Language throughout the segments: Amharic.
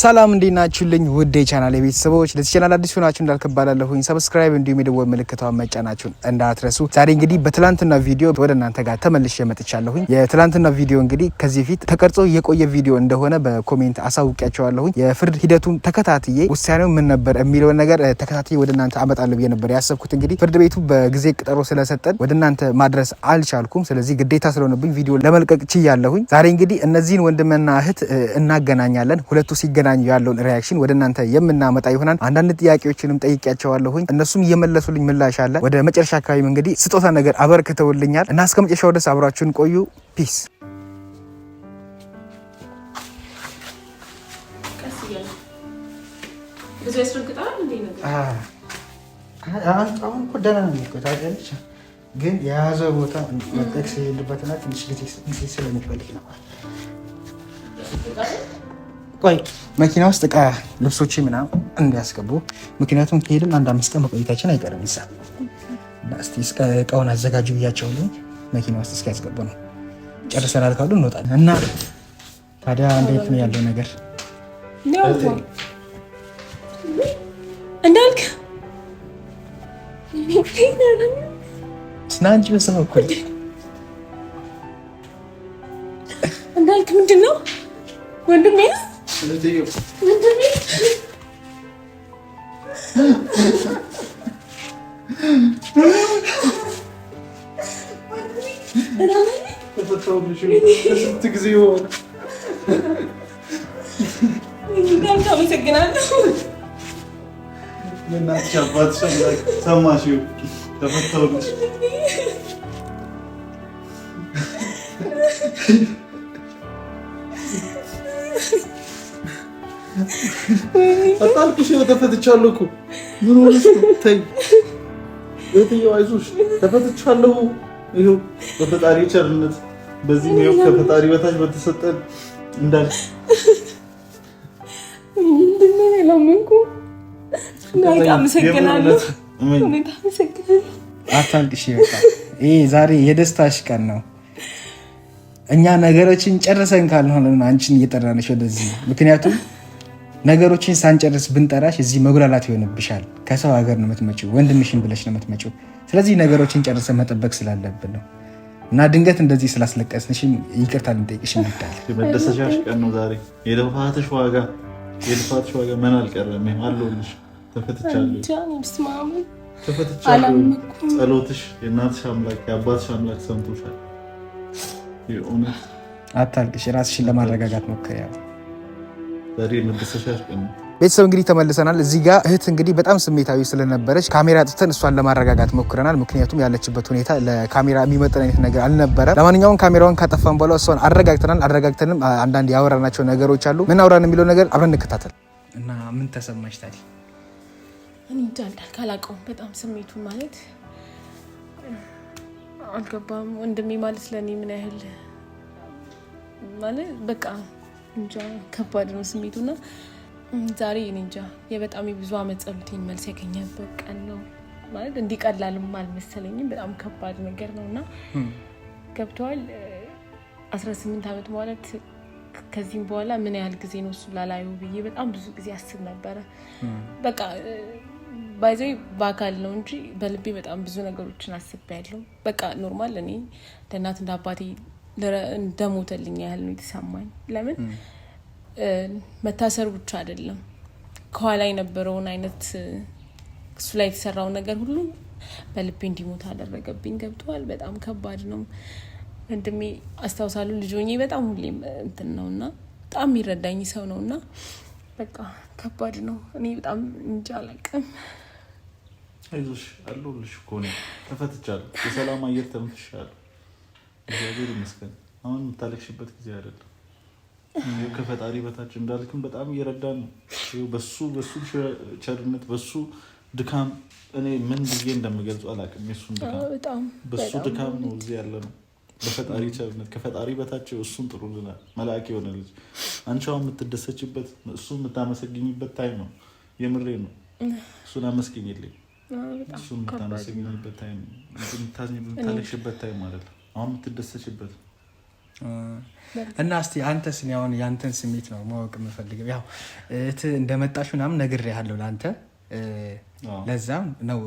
ሰላም እንዴት ናችሁልኝ? ውድ የቻናል የቤተሰቦች ለዚህ ቻናል አዲስ ሆናችሁ እንዳልከባላለሁኝ ሰብስክራይብ እንዲሁም የደወል ምልክቷን መጫናችሁን እንዳትረሱ። ዛሬ እንግዲህ በትላንትና ቪዲዮ ወደ እናንተ ጋር ተመልሼ መጥቻለሁኝ። የትላንትና ቪዲዮ እንግዲህ ከዚህ በፊት ተቀርጾ የቆየ ቪዲዮ እንደሆነ በኮሜንት አሳውቂያቸዋለሁኝ። የፍርድ ሂደቱን ተከታትዬ ውሳኔው ምን ነበር የሚለውን ነገር ተከታትዬ ወደ እናንተ አመጣለሁ ብዬ ነበር ያሰብኩት። እንግዲህ ፍርድ ቤቱ በጊዜ ቅጠሮ ስለሰጠን ወደ እናንተ ማድረስ አልቻልኩም። ስለዚህ ግዴታ ስለሆነብኝ ቪዲዮ ለመልቀቅ ችያለሁኝ። ዛሬ እንግዲህ እነዚህን ወንድምና እህት እናገ እንገናኛለን። ሁለቱ ሲገናኙ ያለውን ሪያክሽን ወደ እናንተ የምናመጣ ይሆናል። አንዳንድ ጥያቄዎችንም ጠይቄያቸዋለሁኝ እነሱም እየመለሱልኝ ምላሽ አለ። ወደ መጨረሻ አካባቢም እንግዲህ ስጦታ ነገር አበርክተውልኛል እና እስከ መጨረሻው ድረስ አብራችሁን ቆዩ። ፒስ ግን የያዘ ቦታ መጠቅስ የሌለበትና ትንሽ ጊዜ ስለሚፈልግ ነው። ቆይ መኪና ውስጥ እቃ ልብሶች ምናምን እንዲያስገቡ፣ ምክንያቱም ከሄድን አንድ አምስት ቀን መቆየታችን አይቀርም። ይሳ እቃውን አዘጋጁ ብያቸው መኪና ውስጥ እስኪያስገቡ ነው። ጨርሰናል ካሉ እንወጣለን። እና ታዲያ እንዴት ነው ያለው ነገር እንዳልክ ስናንቺ በሰማ እኮ እንዳልክ ምንድን ነው ወንድሜ ስንት ጊዜ ሆነ? አመሰግናለሁ። እናትሽ አጣልኩሽ። ተፈትቻለሁ እኮ ምን ሆነሽ ነው? ተይ እህትዬው፣ አይዞሽ ተፈትቻለሁ። ይኸው በፈጣሪ ቸርነት በዚህ ነው ከፈጣሪ በታች በተሰጠን እንዳል አታልቅሽ። ይሄ ዛሬ የደስታሽ ቀን ነው። እኛ ነገሮችን ጨርሰን ካልሆነ አንቺን እየጠራነሽ ወደዚህ ምክንያቱም ነገሮችን ሳንጨርስ ብንጠራሽ እዚህ መጉላላት ይሆንብሻል። ከሰው ሀገር ነው የምትመጪው፣ ወንድምሽን ብለሽ ነው የምትመጪው። ስለዚህ ነገሮችን ጨርሰ መጠበቅ ስላለብን ነው እና ድንገት እንደዚህ ስላስለቀስንሽም ይቅርታ ልንጠይቅሽ ይመጣል። መደሰሻሽ ቀን ነው ዛሬ። የልፋትሽ ዋጋ የልፋትሽ ዋጋ ምን አልቀረም አለሁልሽ። ተፈትቻለሁ፣ ተፈትቻለሁ። ጸሎትሽ የእናትሽ አምላክ የአባትሽ አምላክ ሰምቶሻል። አታልቅሽ። ራስሽን ለማረጋጋት ሞክሪ። ቤተሰብ እንግዲህ ተመልሰናል። እዚህ ጋር እህት እንግዲህ በጣም ስሜታዊ ስለነበረች ካሜራ ጥተን እሷን ለማረጋጋት ሞክረናል። ምክንያቱም ያለችበት ሁኔታ ለካሜራ የሚመጥን አይነት ነገር አልነበረም። ለማንኛውም ካሜራውን ካጠፋን በኋላ እሷን አረጋግተናል። አረጋግተንም አንዳንድ ያወራናቸው ነገሮች አሉ። ምን አውራን የሚለው ነገር አብረን እንከታተል እና ምን ተሰማሽ ታዲያ? እኔ በጣም ስሜቱ ማለት አልገባም። ወንድሜ ማለት ለእኔ ምን ያህል ማለት በቃ እንጃ ከባድ ነው ና ዛሬ እንጃ የበጣም የብዙ አመት ጸሎቴን መልስ ያገኘበት ቀን ነው። ማለት እንዲህ ቀላልም አልመሰለኝም። በጣም ከባድ ነገር ነው እና ገብተዋል። 18 ዓመት ማለት ከዚህም በኋላ ምን ያህል ጊዜ ነው እሱ ላላዩ ብዬ በጣም ብዙ ጊዜ አስብ ነበረ። በቃ ባይዘ በአካል ነው እንጂ በልቤ በጣም ብዙ ነገሮችን ያለው በቃ ኖርማል እኔ እንደ እንደ አባቴ እንደሞተልኝ ያህል ነው የተሰማኝ። ለምን መታሰር ብቻ አይደለም ከኋላ የነበረውን አይነት እሱ ላይ የተሰራው ነገር ሁሉ በልቤ እንዲሞት አደረገብኝ። ገብተዋል። በጣም ከባድ ነው። ወንድሜ አስታውሳሉ ልጅ በጣም ሁሌም እንትን ነው እና በጣም የሚረዳኝ ሰው ነው እና በቃ ከባድ ነው። እኔ በጣም እንጃ አላውቅም። አይዞሽ አለሁልሽ እኮ እኔ ተፈትቻለሁ። የሰላም አየር ተመትሻለሁ። እግዚአብሔር ይመስገን። አሁን የምታለቅሽበት ጊዜ አይደለም። ከፈጣሪ በታች እንዳልክም በጣም እየረዳን ነው። በሱ በሱ ቸርነት በሱ ድካም እኔ ምን ጊዜ እንደምገልጹ አላውቅም። የሱን ድካም በሱ ድካም ነው እዚህ ያለ ነው። በፈጣሪ ቸርነት ከፈጣሪ በታች እሱን ጥሩ ልናል መልአክ የሆነ ልጅ አንቺ አሁን የምትደሰችበት እሱ የምታመሰግኝበት ታይም ነው። የምሬ ነው። እሱን አመስግኝልኝ። እሱ የምታመሰግኝበት ታይም ነው። የምታለቅሽበት ታይም አይደለም። አሁን የምትደሰችበት እና እስቲ ስ ሁን የአንተን ስሜት ነው ማወቅ የምፈልገው። ያው እህት እንደመጣሽ ምናምን ነግሬሃለሁ ለአንተ ለዛም ነው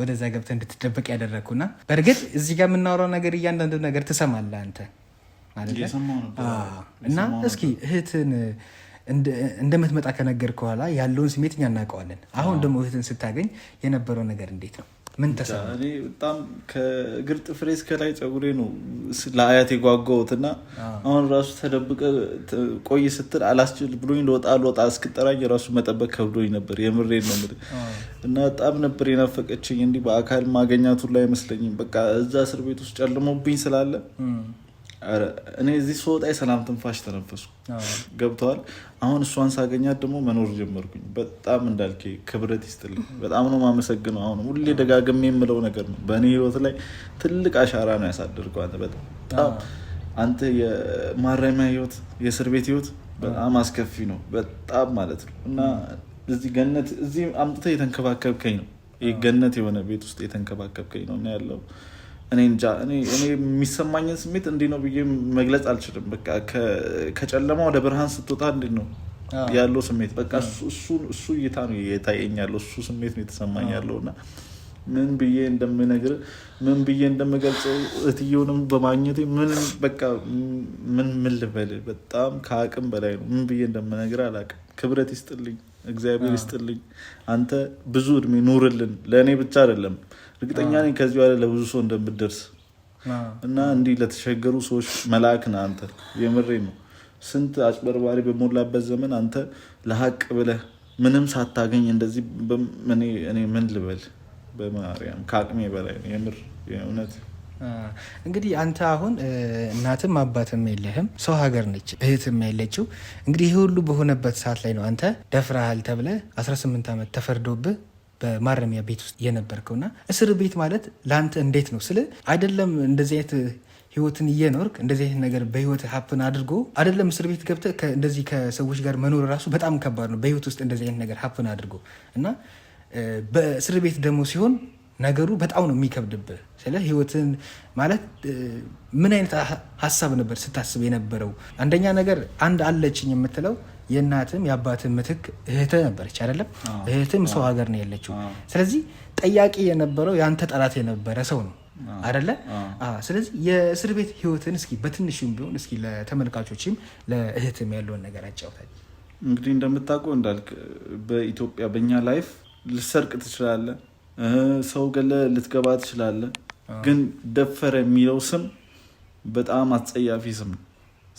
ወደዛ ገብተህ እንድትደበቅ ያደረግኩና በእርግጥ እዚህ ጋር የምናወራው ነገር እያንዳንዱ ነገር ትሰማለህ አንተ እና እስኪ እህትን እንደምትመጣ ከነገር ከኋላ ያለውን ስሜት እኛ እናውቀዋለን። አሁን ደግሞ እህትን ስታገኝ የነበረው ነገር እንዴት ነው? ምን እኔ በጣም ከእግር ጥፍሬ እስከ ላይ ፀጉሬ ነው ለአያት የጓጓሁት እና አሁን ራሱ ተደብቀ ቆይ ስትል አላስችል ብሎኝ ልወጣ ልወጣ እስክጠራኝ ራሱ መጠበቅ ከብዶኝ ነበር። የምሬን ነው እና በጣም ነበር የናፈቀችኝ። እንዲህ በአካል ማገኛቱ ላይ አይመስለኝም። በቃ እዛ እስር ቤት ውስጥ ጨልሞብኝ ስላለ እኔ እዚህ ስወጣ የሰላም ትንፋሽ ተነፈስኩ። ገብተዋል። አሁን እሷን ሳገኛት ደግሞ መኖር ጀመርኩኝ። በጣም እንዳልኬ ክብረት ይስጥልኝ። በጣም ነው የማመሰግነው። አሁን ሁሌ ደጋግሜ የምለው ነገር ነው። በእኔ ህይወት ላይ ትልቅ አሻራ ነው ያሳደርከው አንተ። በጣም አንተ የማረሚያ ህይወት፣ የእስር ቤት ህይወት በጣም አስከፊ ነው። በጣም ማለት ነው እና እዚህ ገነት እዚህ አምጥተህ የተንከባከብከኝ ነው። ይህ ገነት የሆነ ቤት ውስጥ የተንከባከብከኝ ነው እና ያለው እኔ እንጃ እኔ የሚሰማኝን ስሜት እንዲህ ነው ብዬ መግለጽ አልችልም። በቃ ከጨለማ ወደ ብርሃን ስትወጣ እንዲህ ነው ያለው ስሜት። በቃ እሱ እይታ ነው የታየኝ ያለው እሱ ስሜት ነው የተሰማኝ ያለው እና ምን ብዬ እንደምነግር ምን ብዬ እንደምገልጸው እትየውንም በማግኘቴ ምን በቃ ምን ምን ልበል፣ በጣም ከአቅም በላይ ነው። ምን ብዬ እንደምነግር አላቅም። ክብረት ይስጥልኝ፣ እግዚአብሔር ይስጥልኝ። አንተ ብዙ እድሜ ኑርልን፣ ለእኔ ብቻ አይደለም እርግጠኛ ነኝ ከዚህ በኋላ ለብዙ ሰው እንደምትደርስ እና እንዲህ ለተቸገሩ ሰዎች መልአክ ነህ አንተ። የምሬ ነው። ስንት አጭበርባሪ በሞላበት ዘመን አንተ ለሀቅ ብለህ ምንም ሳታገኝ እንደዚህ እኔ ምን ልበል? በማርያም ከአቅሜ በላይ የምር እውነት እንግዲህ አንተ አሁን እናትም አባትም የለህም፣ ሰው ሀገር ነች፣ እህትም የለችው። እንግዲህ ይህ ሁሉ በሆነበት ሰዓት ላይ ነው አንተ ደፍረሃል ተብለህ 18 ዓመት ተፈርዶብህ በማረሚያ ቤት ውስጥ የነበርከው እና እስር ቤት ማለት ለአንተ እንዴት ነው ስለ አይደለም እንደዚህ አይነት ህይወትን እየኖርክ እንደዚህ አይነት ነገር በህይወት ሀፕን አድርጎ አይደለም እስር ቤት ገብተህ እንደዚህ ከሰዎች ጋር መኖር ራሱ በጣም ከባድ ነው። በህይወት ውስጥ እንደዚህ አይነት ነገር ሀፕን አድርጎ እና በእስር ቤት ደግሞ ሲሆን ነገሩ በጣም ነው የሚከብድብህ። ስለ ህይወትን ማለት ምን አይነት ሀሳብ ነበር ስታስብ የነበረው? አንደኛ ነገር አንድ አለችኝ የምትለው የእናትም የአባትም ምትክ እህት ነበረች አይደለም? እህትም ሰው ሀገር ነው ያለችው። ስለዚህ ጠያቂ የነበረው የአንተ ጠላት የነበረ ሰው ነው አይደለ? ስለዚህ የእስር ቤት ህይወትን እስኪ በትንሽም ቢሆን እስኪ ለተመልካቾችም ለእህትም ያለውን ነገር አጫውታል። እንግዲህ እንደምታውቀው እንዳልክ በኢትዮጵያ በእኛ ላይፍ ልሰርቅ ትችላለ፣ ሰው ገለ ልትገባ ትችላለ። ግን ደፈረ የሚለው ስም በጣም አጸያፊ ስም ነው።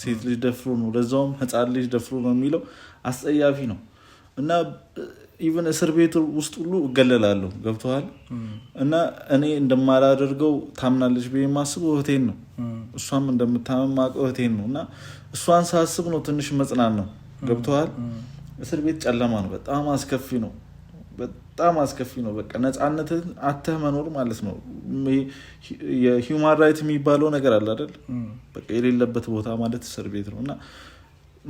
ሴት ልጅ ደፍሮ ነው፣ ለዛውም ህፃን ልጅ ደፍሮ ነው የሚለው አስጸያፊ ነው እና ኢቨን እስር ቤት ውስጥ ሁሉ እገለላለሁ። ገብተዋል እና እኔ እንደማላደርገው ታምናለች ብዬ የማስበው እህቴን ነው። እሷም እንደምታመም ማቀው እህቴን ነው እና እሷን ሳስብ ነው ትንሽ መጽናን ነው። ገብተዋል። እስር ቤት ጨለማ ነው፣ በጣም አስከፊ ነው። በጣም አስከፊ ነው። በቃ ነፃነትን አተህ መኖር ማለት ነው። የሂውማን ራይት የሚባለው ነገር አለ አይደል? በቃ የሌለበት ቦታ ማለት እስር ቤት ነው እና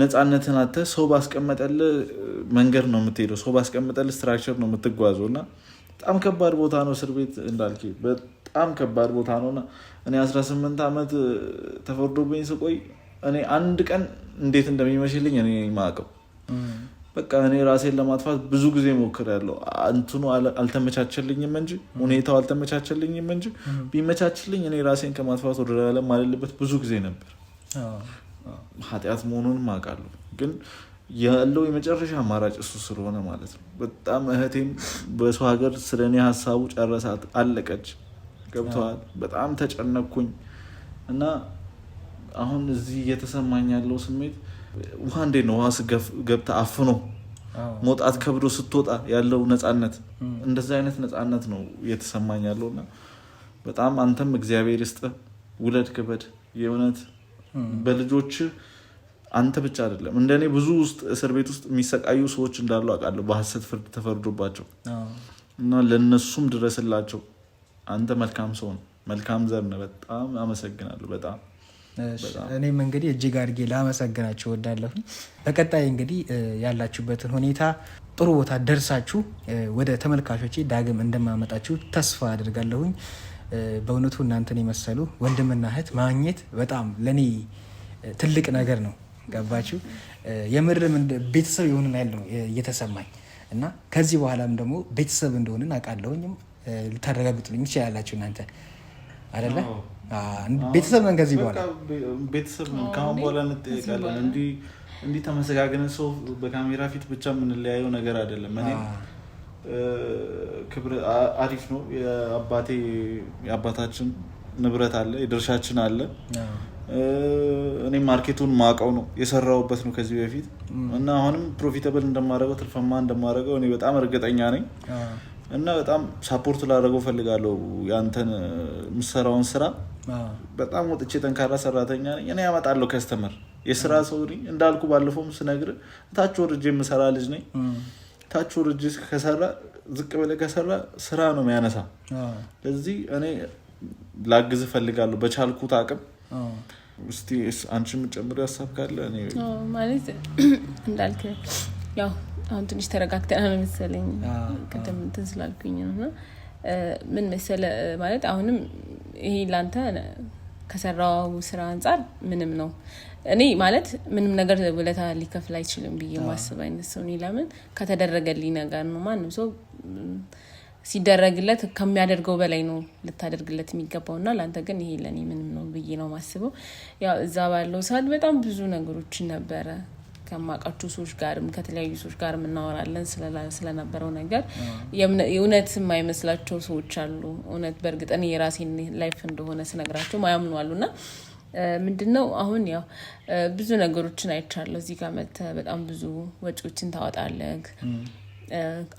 ነፃነትን አተህ ሰው ባስቀመጠል መንገድ ነው የምትሄደው፣ ሰው ባስቀመጠል ስትራክቸር ነው የምትጓዘው እና በጣም ከባድ ቦታ ነው እስር ቤት እንዳልክ በጣም ከባድ ቦታ ነው እና እኔ 18 ዓመት ተፈርዶብኝ ስቆይ እኔ አንድ ቀን እንዴት እንደሚመሽልኝ እኔ ማቀው በቃ እኔ ራሴን ለማጥፋት ብዙ ጊዜ ሞክሬያለሁ። እንትኑ አልተመቻቸልኝም እንጂ ሁኔታው አልተመቻቸልኝም እንጂ ቢመቻችልኝ እኔ ራሴን ከማጥፋት ወደ ዓለም አልልበት ብዙ ጊዜ ነበር። ኃጢአት መሆኑንም አውቃለሁ፣ ግን ያለው የመጨረሻ አማራጭ እሱ ስለሆነ ማለት ነው። በጣም እህቴም በሰው ሀገር ስለ እኔ ሀሳቡ ጨረሳት፣ አለቀች። ገብተዋል። በጣም ተጨነኩኝ እና አሁን እዚህ እየተሰማኝ ያለው ስሜት ውሃ እንዴት ነው ውሃ ገብታ አፍኖ መውጣት ከብዶ ስትወጣ ያለው ነፃነት እንደዚህ አይነት ነፃነት ነው እየተሰማኝ ያለው እና በጣም አንተም እግዚአብሔር ስጥ ውለድ ክበድ የእውነት በልጆች አንተ ብቻ አይደለም እንደኔ ብዙ ውስጥ እስር ቤት ውስጥ የሚሰቃዩ ሰዎች እንዳሉ አውቃለሁ በሀሰት ፍርድ ተፈርዶባቸው እና ለእነሱም ድረስላቸው አንተ መልካም ሰው ነው መልካም ዘር ነው በጣም አመሰግናለሁ በጣም እኔም እንግዲህ እጅግ አድርጌ ላመሰግናችሁ እወዳለሁ። በቀጣይ እንግዲህ ያላችሁበትን ሁኔታ ጥሩ ቦታ ደርሳችሁ ወደ ተመልካቾች ዳግም እንደማመጣችሁ ተስፋ አድርጋለሁኝ። በእውነቱ እናንተን የመሰሉ ወንድምና እህት ማግኘት በጣም ለእኔ ትልቅ ነገር ነው። ገባችሁ? የምርም ቤተሰብ የሆንን ያህል ነው እየተሰማኝ እና ከዚህ በኋላም ደግሞ ቤተሰብ እንደሆንን አውቃለሁኝም ልታረጋግጡልኝ ይችላላችሁ እናንተ አደለ? ቤተሰብ ነን። ከዚህ በኋላ ቤተሰብ ነን። ከአሁን በኋላ እንዲህ ተመሰጋገነ ሰው በካሜራ ፊት ብቻ የምንለያየው ነገር አይደለም። እኔ ክብር አሪፍ ነው። የአባቴ የአባታችን ንብረት አለ፣ የድርሻችን አለ። እኔ ማርኬቱን ማውቀው ነው የሰራውበት ነው ከዚህ በፊት እና አሁንም ፕሮፊተብል እንደማደርገው ትርፈማ እንደማደርገው እኔ በጣም እርግጠኛ ነኝ እና በጣም ሳፖርት ላደረገው ፈልጋለሁ ያንተን የምሰራውን ስራ በጣም ወጥቼ ጠንካራ ሰራተኛ ነኝ። እኔ ያመጣለሁ ከስተመር የስራ ሰው ነኝ እንዳልኩ ባለፈውም ስነግር ታች ወርጄ የምሰራ ልጅ ነኝ። ታች ወርጄ ከሰራ ዝቅ ብለህ ከሰራ ስራ ነው የሚያነሳ። ለዚህ እኔ ላግዝ እፈልጋለሁ በቻልኩት አቅም። እስቲ አንቺ የምጨምር ሀሳብ ካለ ማለት እንዳልክ ያው አሁን ትንሽ ተረጋግተናል መሰለኝ ቅድም እንትን ስላልኩኝ ነው እና ምን መሰለ ማለት አሁንም ይሄ ላንተ ከሰራው ስራ አንጻር ምንም ነው። እኔ ማለት ምንም ነገር ውለታ ሊከፍል አይችልም ብዬ ማስብ አይነት ሰው እኔ ለምን ከተደረገልኝ ነገር ነው። ማንም ሰው ሲደረግለት ከሚያደርገው በላይ ነው ልታደርግለት የሚገባው እና ለአንተ ግን ይሄ ለእኔ ምንም ነው ብዬ ነው ማስበው። ያው እዛ ባለው ሰዓት በጣም ብዙ ነገሮችን ነበረ ከማውቃቸው ሰዎች ጋርም ከተለያዩ ሰዎች ጋር እናወራለን ስለነበረው ነገር እውነት የማይመስላቸው ሰዎች አሉ። እውነት በእርግጠን የራሴን ላይፍ እንደሆነ ስነግራቸው ማያምኑ አሉ እና ምንድን ነው አሁን ያው ብዙ ነገሮችን አይቻለሁ። እዚህ ጋር መጥተህ በጣም ብዙ ወጪዎችን ታወጣለህ።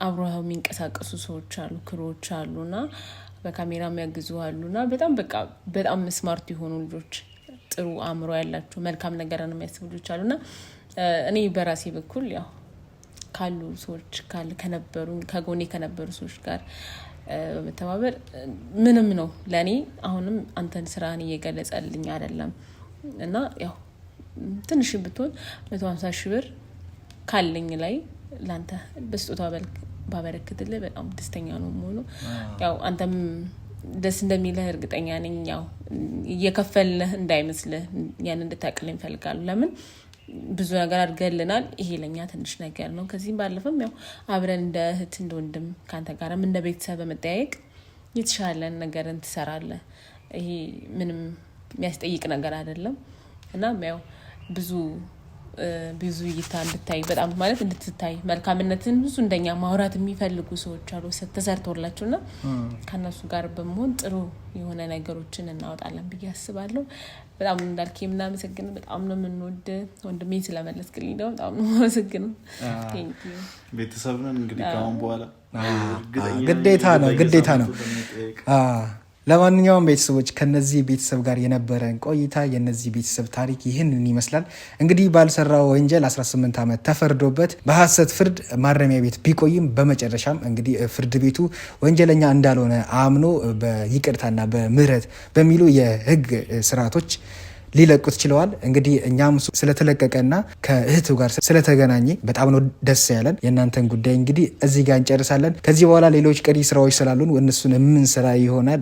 አብሮ የሚንቀሳቀሱ ሰዎች አሉ፣ ክሮች አሉ እና በካሜራ የሚያግዙ አሉ እና በጣም በቃ በጣም ስማርት የሆኑ ልጆች ጥሩ አእምሮ ያላቸው መልካም ነገር ነው የሚያስቡ ልጆች አሉ አሉና እኔ በራሴ በኩል ያው ካሉ ሰዎች ከነበሩ ከጎኔ ከነበሩ ሰዎች ጋር በመተባበር ምንም ነው ለእኔ አሁንም አንተን ስራህን እየገለጸልኝ አይደለም እና ያው ትንሽ ብትሆን መቶ ሀምሳ ሺህ ብር ካለኝ ላይ ለአንተ በስጦታ ባበረክትልህ በጣም ደስተኛ ነው መሆኑ ያው አንተም ደስ እንደሚልህ እርግጠኛ ነኝ። ያው እየከፈልህ እንዳይመስልህ ያን እንድታቅልኝ እፈልጋለሁ ለምን ብዙ ነገር አድርገልናል። ይሄ ለኛ ትንሽ ነገር ነው። ከዚህም ባለፈም ያው አብረን እንደ እህት እንደ ወንድም ከአንተ ጋርም እንደ ቤተሰብ በመጠያየቅ የተሻለን ነገርን ትሰራለህ። ይሄ ምንም የሚያስጠይቅ ነገር አይደለም እናም ያው ብዙ ብዙ እይታ እንድታይ በጣም ማለት እንድትታይ መልካምነትን ብዙ እንደኛ ማውራት የሚፈልጉ ሰዎች አሉ ተሰርተውላቸው ና ከእነሱ ጋር በመሆን ጥሩ የሆነ ነገሮችን እናወጣለን ብዬ አስባለሁ። በጣም እንዳልክ የምናመሰግን በጣም ነው የምንወድ ወንድሜ ስለመለስ ግል ደግሞ በጣም ነው የማመሰግነው። ቤተሰብን እንግዲህ ከአሁን በኋላ ግዴታ ነው ግዴታ ነው። ለማንኛውም ቤተሰቦች ከነዚህ ቤተሰብ ጋር የነበረን ቆይታ የነዚህ ቤተሰብ ታሪክ ይህንን ይመስላል። እንግዲህ ባልሰራው ወንጀል 18 ዓመት ተፈርዶበት በሐሰት ፍርድ ማረሚያ ቤት ቢቆይም በመጨረሻም እንግዲህ ፍርድ ቤቱ ወንጀለኛ እንዳልሆነ አምኖ በይቅርታና በምህረት በሚሉ የህግ ስርዓቶች ሊለቁት ችለዋል። እንግዲህ እኛም ስለተለቀቀና ከእህቱ ጋር ስለተገናኘ በጣም ነው ደስ ያለን። የእናንተን ጉዳይ እንግዲህ እዚህ ጋር እንጨርሳለን። ከዚህ በኋላ ሌሎች ቀሪ ስራዎች ስላሉን እነሱን የምን ስራ ይሆናል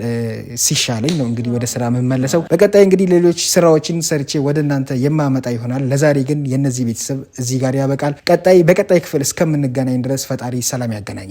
ሲሻለኝ ነው እንግዲህ ወደ ስራ የምመለሰው። በቀጣይ እንግዲህ ሌሎች ስራዎችን ሰርቼ ወደ እናንተ የማመጣ ይሆናል። ለዛሬ ግን የነዚህ ቤተሰብ እዚህ ጋር ያበቃል። ቀጣይ በቀጣይ ክፍል እስከምንገናኝ ድረስ ፈጣሪ ሰላም ያገናኘን።